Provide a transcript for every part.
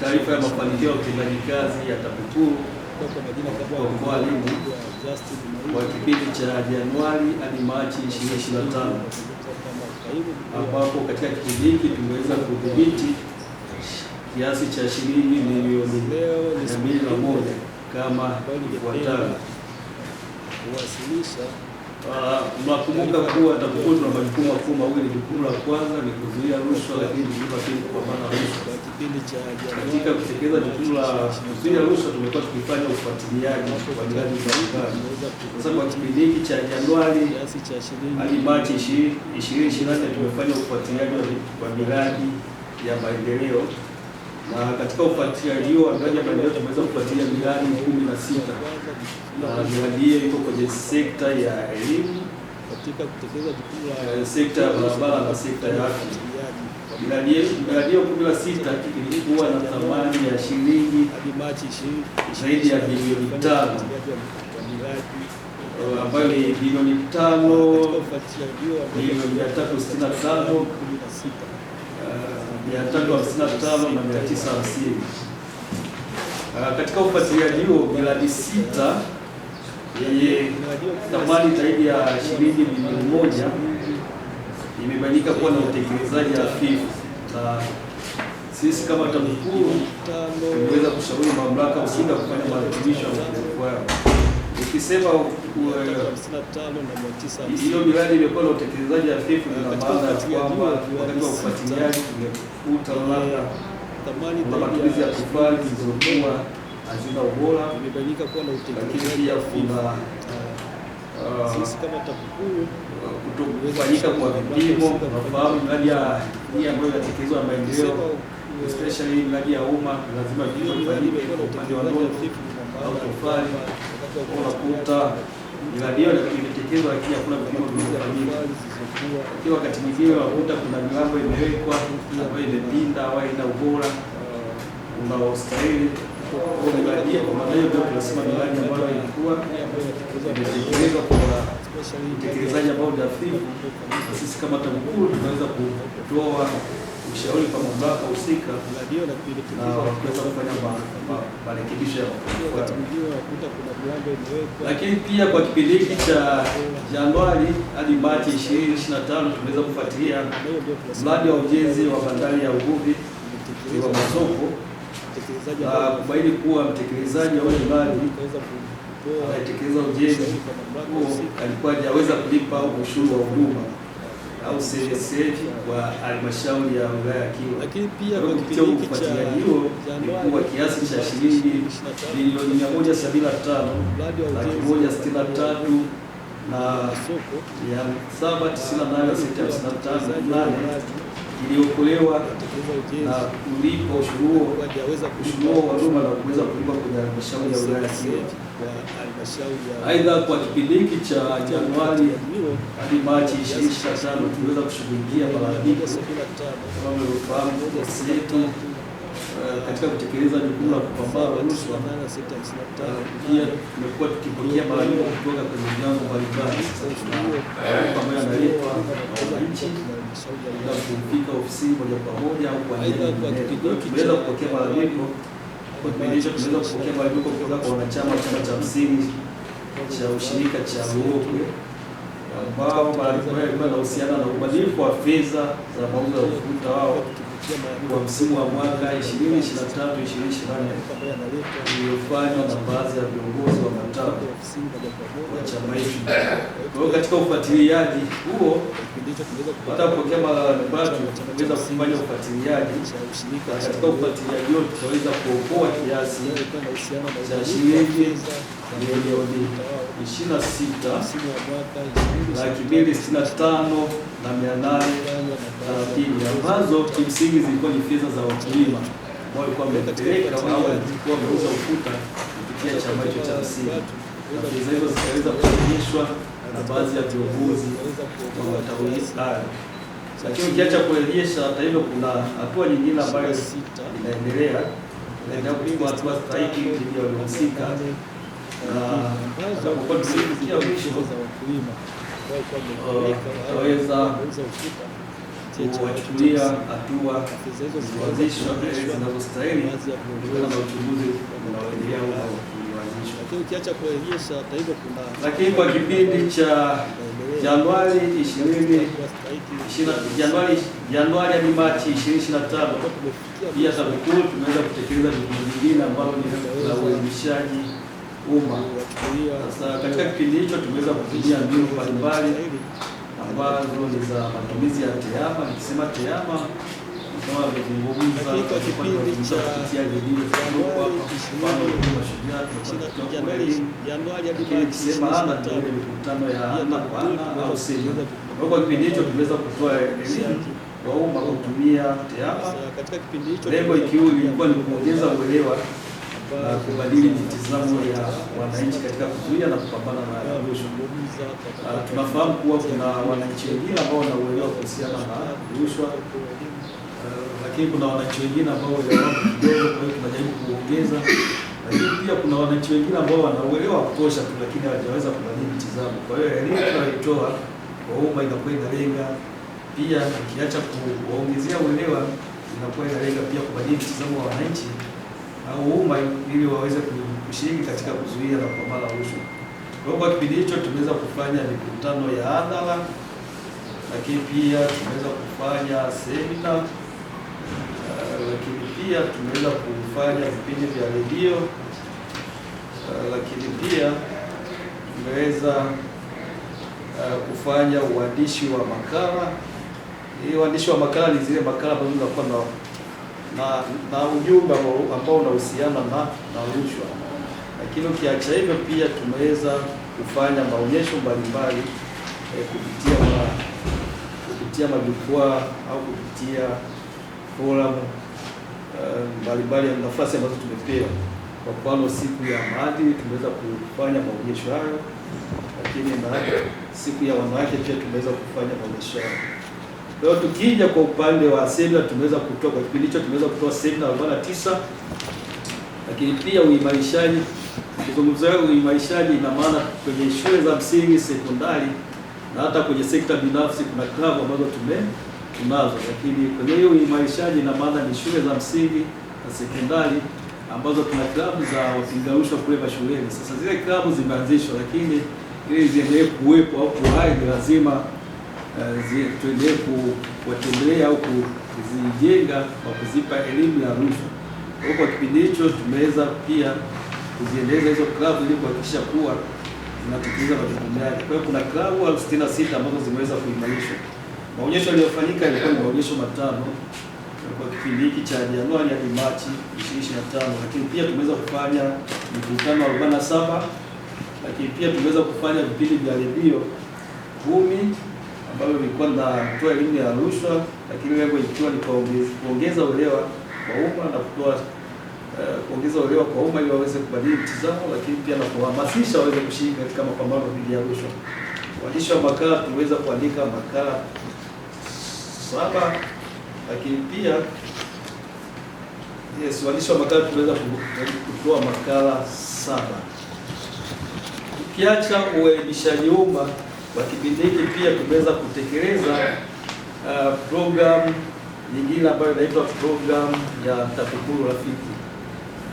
taarifa ya mafanikio ya utendaji kazi ya TAKUKURU kwa mkoa wa Lindi kwa kipindi cha Januari hadi Machi 2025 ambapo katika kipindi hiki tumeweza kudhibiti kiasi cha shilingi milioni mia mbili na moja kama ifuatavyo. Mnakumbuka uh, kuwa TAKUKURU tuna majukumu makuu mawili. Jukumu la kwanza ni kuzuia rushwa, lakini jukumu la kwa maana rushwa. Katika kutekeleza jukumu la kuzuia rushwa, tumekuwa tukifanya ufuatiliaji kwa miradi mbalimbali. Sasa kwa kipindi hiki cha Januari hadi Machi ishirini ishirini na nne tumefanya ufuatiliaji wa miradi ya maendeleo na katika ufuatiliaji wa miradi ya maendeleo tumeweza kufuatilia miradi kumi na sita na miradi hiyo iko kwenye sekta ya elimu, eh, sekta ya barabara na sekta ya afya. Miradi hiyo kumi na sita ilikuwa na thamani ya shilingi zaidi ya bilioni tano eh, ambayo ni bilioni tano milioni mia tatu sitini na tano 355 ah, Katika ufuatiliaji huo miradi sita yenye thamani zaidi ya shilingi milioni moja imebainika kuwa na utekelezaji hafifu, na sisi kama TAKUKURU tumeweza kushauri mamlaka husika kufanya marekebisho ya upungufu wao. Ukisema hiyo miradi imekuwa na utekelezaji hafifu, ina maana ya kwamba wakati wa ufuatiliaji tumekuta eh, labda kuna matumizi ya tofali zilizokuwa hazina ubora, lakini pia kuna ah, ah, ah, kutofanyika kwa vipimo. Unafahamu miradi hii ambayo inatekelezwa maendeleo eh, especially miradi ya umma lazima vipimo vifanyike kwa upande wa nondo au tofali unakuta miradi hiyo imetekelezwa, lakini hakuna vipimo vilivyofanyika. Lakini wakati mwingine unakuta kuna milango imewekwa ambayo imepinda au haina ubora unaostahili kuangalia. Kwa maana hiyo, tunasema miradi ambayo ilikuwa imetekelezwa kwa utekelezaji ambao ni hafifu, na sisi kama TAKUKURU tunaweza kutoa ushauri kwa mamlaka husika na kufanya marekebisho yafuatayo. Lakini pia kwa kipindi hiki cha Januari hadi Machi 2025 tumeweza kufuatilia mradi wa ujenzi wa bandari ya uvuvi wa Masoko na kubaini kuwa mtekelezaji wa ule mradi anayetekeleza ujenzi huo alikuwa hajaweza kulipa ushuru wa huduma au CDC wa halmashauri ya wilaya ya Kilwa, lakini pia kwa kipindi hiki cha hilo ilikuwa kiasi cha shilingi bilioni 175 laki moja sitini na tatu na mia saba tisini na nane senti hamsini na tano nane iliyokolewa na kulipa ushuru huo wa duma na kuweza kulipa kwenye halmashauri ya wilaya Siha. Aidha, kwa kipindi hiki cha Januari hadi Machi 2025 tuliweza kushughulikia malalamiko kama mlivyofahamu ofisi yetu katika kutekeleza jukumu la kupambana na rushwa. Eh, pia tumekuwa tukipokea malalamiko kutoka kwenye vyanzo mbalimbali pamoja na wananchi kufika ofisini moja kwa moja au kwa tumeweza kupokea malalamiko tunaweza kupokea malalamiko kutoka kwa wanachama wa chama cha msingi cha ushirika cha Ruokwe ambao malalamiko yalikuwa yanahusiana na ubadilifu wa fedha za mauzo ya ufuta wao kwa msimu wa mwaka 2023 2024 iliyofanywa na baadhi ya viongozi wa matawi wa chama hiki. Kwa hiyo katika ufuatiliaji huo watapokea malalamiko, tunaweza kufanya ufuatiliaji. Katika ufuatiliaji huo tutaweza kuokoa kiasi cha shilingi milioni 26 laki mbili sitini na tano na mia nane thelathini ambazo kimsingi zilikuwa ni fedha za wakulima ambao walikuwa wamepeleka au walikuwa wameuza ufuta kupitia chama hicho cha asili, na fedha hizo zikaweza kuonyeshwa na baadhi ya viongozi wa matawi haya. Lakini ukiacha kurejesha, hata hivyo, kuna hatua nyingine ambayo inaendelea, inaendelea kupigwa hatua stahiki dhidi ya waliohusika taweza kuwachukulia hatua zilizoanzishwa zinazostahili kutokana na uchunguzi unaoendelea ulioanzishwa. Lakini kwa kipindi cha Januari hadi Machi 2025 pia TAKUKURU tunaweza kutekeleza jukumu lingine ambalo ni la uelimishaji umma. Sasa katika kipindi hicho tumeweza kutumia mbinu mbalimbali ambazo ni za matumizi ya TEHAMA. Nikisema TEHAMA kama alivyozungumza kupitia redio mashujaa, nikisema ana ndio mikutano ya ana kwa ana au sio. Kwa kipindi hicho tumeweza kutoa elimu kwa umma kutumia TEHAMA, lengo ikiwa ilikuwa ni kuongeza uelewa kubadili mitazamo ya wananchi katika kuzuia na kupambana na rushwa. Ah, tunafahamu kuwa kuna wananchi wengine ambao wanauelewa kuhusiana na rushwa, ah, lakini kuna wananchi wengine ambao wanaelewa kidogo, kwa hiyo tunajaribu kuongeza, lakini pia kuna wananchi wengine ambao wanauelewa kutosha tu, lakini hawajaweza kubadili mitazamo. Kwa hiyo elimu tunayoitoa kwa umma inakuwa inalenga pia, ukiacha kuwaongezea uelewa, inakuwa inalenga pia kubadili mitazamo wa wananchi umma ili waweze kushiriki katika kuzuia na kupambana na rushwa. Kwa hiyo kwa kipindi hicho tumeweza kufanya mikutano ya hadhara, lakini pia tumeweza kufanya semina, eh, lakini pia tumeweza kufanya vipindi vya redio, eh, lakini pia tumeweza eh, kufanya uandishi wa makala. Hii uandishi wa makala ni zile makala ambazo zinakuwa na na na ujumbe ambao unahusiana na na rushwa. Lakini ukiacha hivyo, pia tumeweza kufanya maonyesho mbalimbali eh, kupitia ma, kupitia majukwaa au kupitia forum eh, mbalimbali, nafasi ambazo tumepewa. Kwa mfano siku ya maadili tumeweza kufanya maonyesho hayo, lakini na siku ya wanawake pia tumeweza kufanya maonyesho hayo. Kwa hiyo tukija kwa upande wa semina, tumeweza kutoa kwa kipindi hicho, tumeweza kutoa semina 49 lakini pia uimarishaji. Kuzungumzia uimarishaji, ina maana kwenye shule za msingi, sekondari na hata kwenye sekta binafsi kuna klabu ambazo tume tunazo, lakini kwenye hiyo uimarishaji, ina maana ni shule za msingi na sekondari ambazo tuna klabu za wapinga rushwa kule mashuleni. Sasa zile klabu zimeanzishwa, lakini ili ziendelee kuwepo au kuhai, lazima uh, tuendelee kuwatembelea au kuzijenga kwa kuzipa elimu ya rushwa. Kwa kipindi hicho tumeweza pia kuziendeleza hizo klabu ili kuhakikisha kuwa zinatekeleza majukumu yake. Kwa hiyo kuna klabu 66 ambazo zimeweza kuimarishwa. Maonyesho yaliyofanyika yalikuwa ni maonyesho matano kwa kipindi hiki cha Januari hadi Machi 2025, lakini pia tumeweza kufanya mikutano 47, lakini pia tumeweza kufanya vipindi vya redio kumi ambayo ilikuwa natoa elimu ya rushwa, lakini lengo ikiwa ni kuongeza uelewa kwa umma na kutoa eh, kuongeza uelewa kwa umma ili waweze kubadili mtizamo, lakini pia na kuhamasisha waweze kushiriki katika mapambano dhidi ya rushwa. Waandishi wa makala tuliweza kuandika makala saba, lakini pia yes, waandishi wa makala tuliweza kutoa makala saba. Ukiacha uelimishaji umma kwa kipindi hiki pia tumeweza kutekeleza uh, programu nyingine ambayo inaitwa programu ya TAKUKURU Rafiki.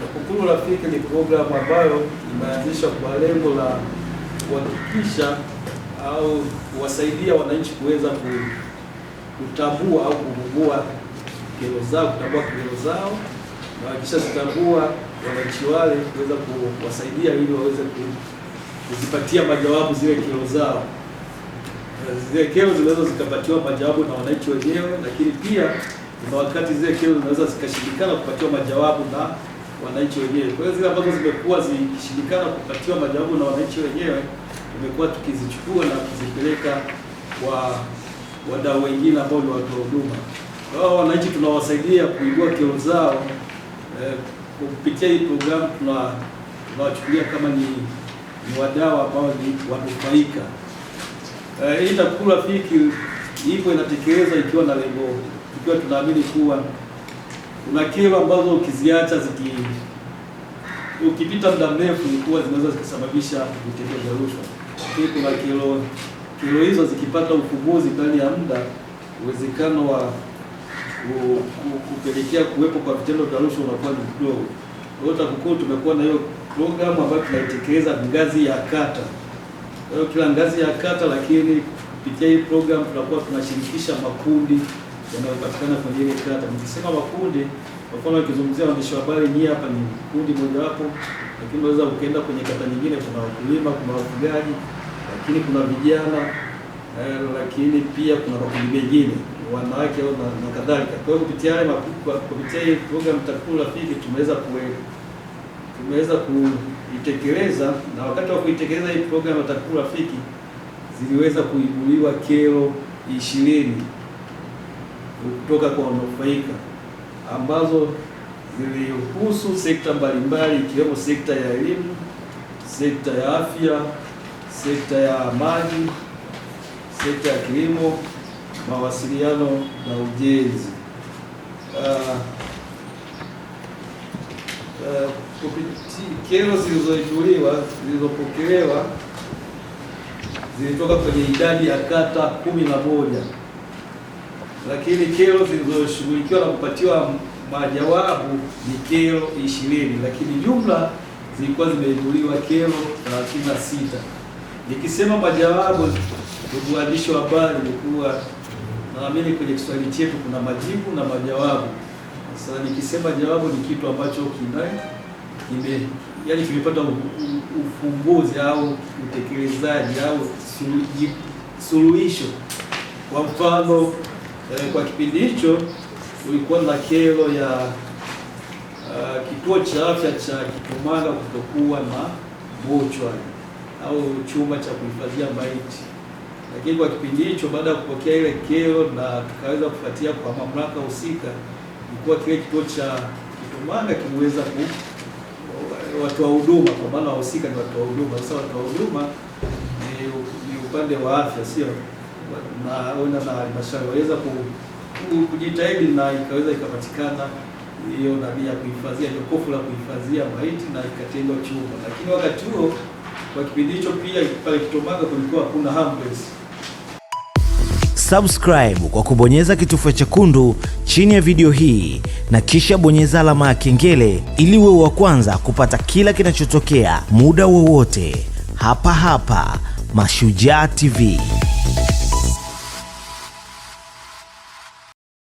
TAKUKURU Rafiki ni programu ambayo imeanzishwa kwa lengo la kuhakikisha au kuwasaidia wananchi kuweza kutambua au kugundua kero zao, kutambua kero zao na kutambua wananchi wale kuweza kuwasaidia ili waweze kuzipatia majawabu zile kero zao zile kero zinaweza zikapatiwa majawabu na wananchi wenyewe, lakini pia kuna wakati zile kero zinaweza zikashindikana kupatiwa majawabu na wananchi wenyewe. Kwa hiyo zile ambazo zimekuwa zikishindikana kupatiwa majawabu na wananchi wenyewe, tumekuwa tukizichukua na kuzipeleka kwa wadau wengine ambao ni watoa huduma. Kwa hiyo wananchi tunawasaidia kuibua kero zao eh, kupitia hii programu, tunawachukulia kama ni, ni wadau ambao ni wanufaika. Eh, hii TAKUKURU Rafiki ipo inatekeleza ikiwa na lengo, ikiwa tunaamini kuwa kuna kero ambazo ukiziacha ziki ukipita muda mrefu ni kuwa zinaweza zikasababisha vitendo vya rushwa. Lakini kuna kero, kero hizo zikipata ufumbuzi ndani ya muda, uwezekano wa kupelekea kuwepo kwa vitendo vya rushwa unakuwa ni mdogo. Kwa hiyo TAKUKURU tumekuwa na hiyo programu ambayo tunaitekeleza ngazi ya kata. Kwa kila ngazi ya kata, lakini kupitia hii program tunakuwa tunashirikisha makundi yanayopatikana kwenye ile kata. Nikisema makundi, kwa mfano nikizungumzia waandishi wa habari, ni hapa ni kundi mojawapo, lakini unaweza ukaenda kwenye kata nyingine, kuna wakulima, kuna wafugaji, lakini kuna vijana eh, lakini pia kuna makundi mengine wanawake au na kadhalika. Kwa hiyo kupitia haya kupitia hii program TAKUKURU Rafiki tumeweza kuweka tumeweza ku kuitekeleza, na wakati wa kuitekeleza hii programu ya TAKUKURU Rafiki ziliweza kuibuliwa kero ishirini kutoka kwa wanufaika ambazo zilihusu sekta mbalimbali ikiwemo sekta ya elimu, sekta ya afya, sekta ya maji, sekta ya kilimo, mawasiliano na ujenzi. kero zilizoichuliwa zilizopokelewa zilitoka kwenye idadi ya kata kumi na moja lakini kero zilizoshughulikiwa na kupatiwa majawabu ni kero ishirini lakini jumla zilikuwa zimeibuliwa kero sita. Nikisema majawabu, ndugu waandishi wa habari, nikuwa naamini kwenye Kiswahili chetu kuna majibu na majawabu. Sasa nikisema jawabu ni kitu ambacho kina nime yani ufumbuzi au utekelezaji au suluhisho. Kwa mfano eh, kwa kipindi hicho ulikuwa na kero ya uh, kituo cha afya cha Kitumanga kutokuwa na mochwari au chumba cha kuhifadhia maiti, lakini kwa kipindi hicho baada ya kupokea ile kero na tukaweza kufuatia kwa mamlaka husika, ilikuwa kile kituo cha Kitumanga kimeweza ku watu wa huduma, kwa maana wahusika ni watu wa huduma. Sasa watu wa huduma ni, ni upande wa afya, sio na naona na halmashauri waweza ku, ku, kujitahidi na ikaweza ikapatikana hiyo nani ya kuhifadhia jokofu la kuhifadhia maiti na ikatengwa chumba, lakini wakati huo kwa kipindi hicho pia pale Kitomaga kulikuwa hakuna ambulance subscribe kwa kubonyeza kitufe chekundu chini ya video hii na kisha bonyeza alama ya kengele ili wewe wa kwanza kupata kila kinachotokea muda wowote hapa hapa Mashujaa TV.